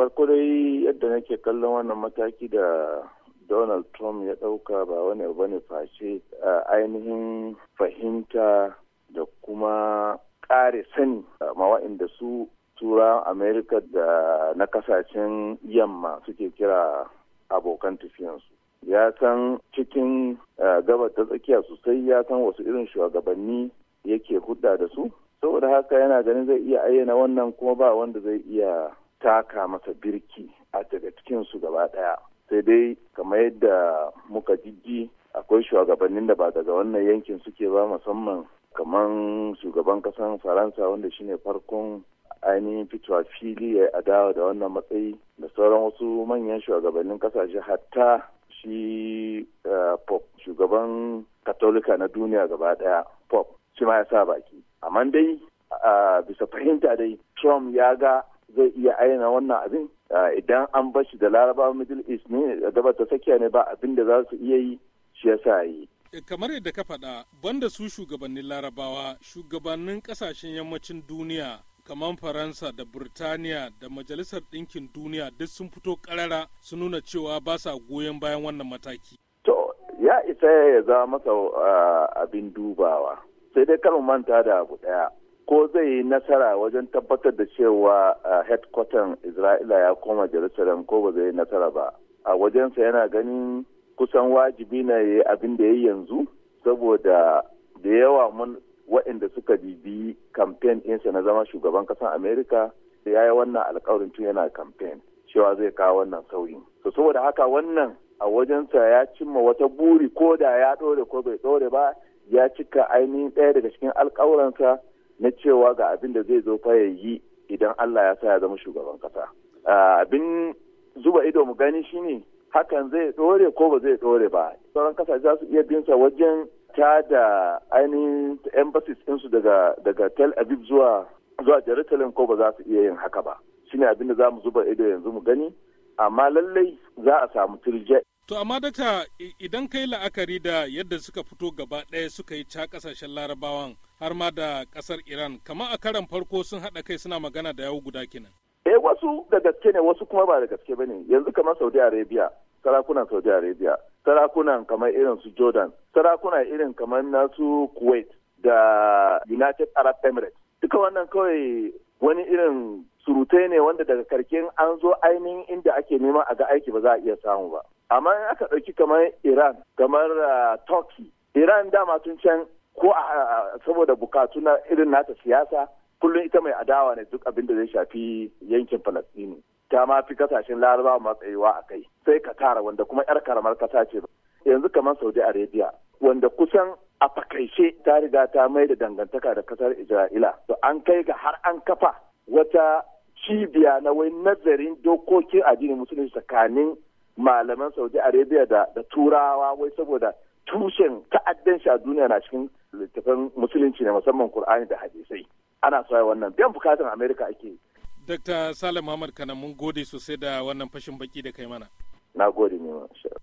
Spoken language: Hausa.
farko dai yadda nake kallon wannan mataki da donald trump ya ɗauka ba wani ba ne face ainihin fahimta da kuma kare sani ma wa'inda su tura amerika da na kasashen yamma suke kira abokan tafiyansu ya san cikin gabar ta tsakiya sosai ya san wasu irin shugabanni yake hudda da su saboda haka yana ganin zai iya ayyana wannan kuma ba wanda zai iya taka masa birki a daga cikinsu gaba ɗaya sai dai kamar yadda muka jijji akwai shugabannin da ba daga wannan yankin suke ba musamman kamar shugaban kasan faransa wanda shine farkon ainihin fitowa fili ya adawa da wannan matsayi da sauran wasu manyan shugabannin kasashe hatta shi eh, pop shugaban katolika na duniya gaba daya pop shi ma ya sa baki amma dai bisa fahimta dai trump ya ga zai iya aina wannan abin idan an bashi da laraba middle east ne gaba ta tsakiya ne ba abin da za su iya yi shi ya sa yi e, kamar yadda ka faɗa banda su shugabannin larabawa shugabannin ƙasashen yammacin duniya kamar faransa da burtaniya da majalisar ɗinkin duniya duk sun fito ƙarara su nuna cewa ba sa goyon bayan wannan mataki to ya isa ya zama masa abin dubawa sai dai kar manta da abu ɗaya ko zai yi nasara wajen tabbatar da cewa headquarter isra'ila ya koma jerusalem ko ba zai yi nasara ba a wajensa yana ganin kusan wajibi na yi abin da ya yi yanzu saboda da yawa mun waɗanda suka bibi kamfen ɗinsa na zama shugaban ƙasar amerika ya yi wannan alkawarin tun yana kamfen cewa zai kawo wannan sauyi. to saboda haka wannan a wajensa ya cimma wata buri ko da ya ɗore ko bai ɗore ba ya cika ainihin ɗaya daga cikin alkawuransa na cewa ga abin da zai zo fa yi idan Allah ya sa ya zama shugaban kasa. Abin zuba ido mu gani shine hakan zai ɗore ko ba zai ɗore ba. Sauran kasa za su iya binsa wajen ta da ainihin embassies ɗinsu daga daga Tel Aviv zuwa zuwa ko ba za su iya yin haka ba. Shine abin da za mu zuba ido yanzu mu gani amma lallai za a samu turje To amma dakta idan kai la'akari da yadda suka fito gaba ɗaya suka yi ca ƙasashen larabawan har ma da ƙasar Iran kama a karan farko sun haɗa kai suna magana da yawu guda kenan. Eh wasu da gaske ne wasu kuma ba da gaske ba ne yanzu kamar Saudi Arabia sarakunan Saudi Arabia sarakunan kamar irin su Jordan sarakunan irin kamar nasu Kuwait da United Arab Emirates duka wannan kawai wani irin surutai ne wanda daga karken an zo ainihin inda ake neman a ga aiki ba za a iya samu ba. amma in aka ɗauki kamar iran kamar ah, turkey iran dama tun can ko saboda bukatu na irin nata siyasa kullum ita mai adawa ne duk abin da zai shafi yankin falastini ta ma fi kasashen laraba matsayiwa a kai sai katara wanda kuma yar karamar kasa ce yanzu kamar saudi arabia wanda kusan a fakaice ta riga ta mai da dangantaka da kasar isra'ila to an kai ga har an kafa wata cibiya na wai nazarin dokokin addinin musulunci tsakanin malaman saudi arabia da da turawa wai saboda tushen ta'addanci a duniya na cikin littafin musulunci ne musamman kur'ani da hadisai ana soya wannan biyan bukatan amerika ake Dr. Salim Muhammad Kana mun gode sosai da wannan fashin baki da kai mana. Na gode ne ma.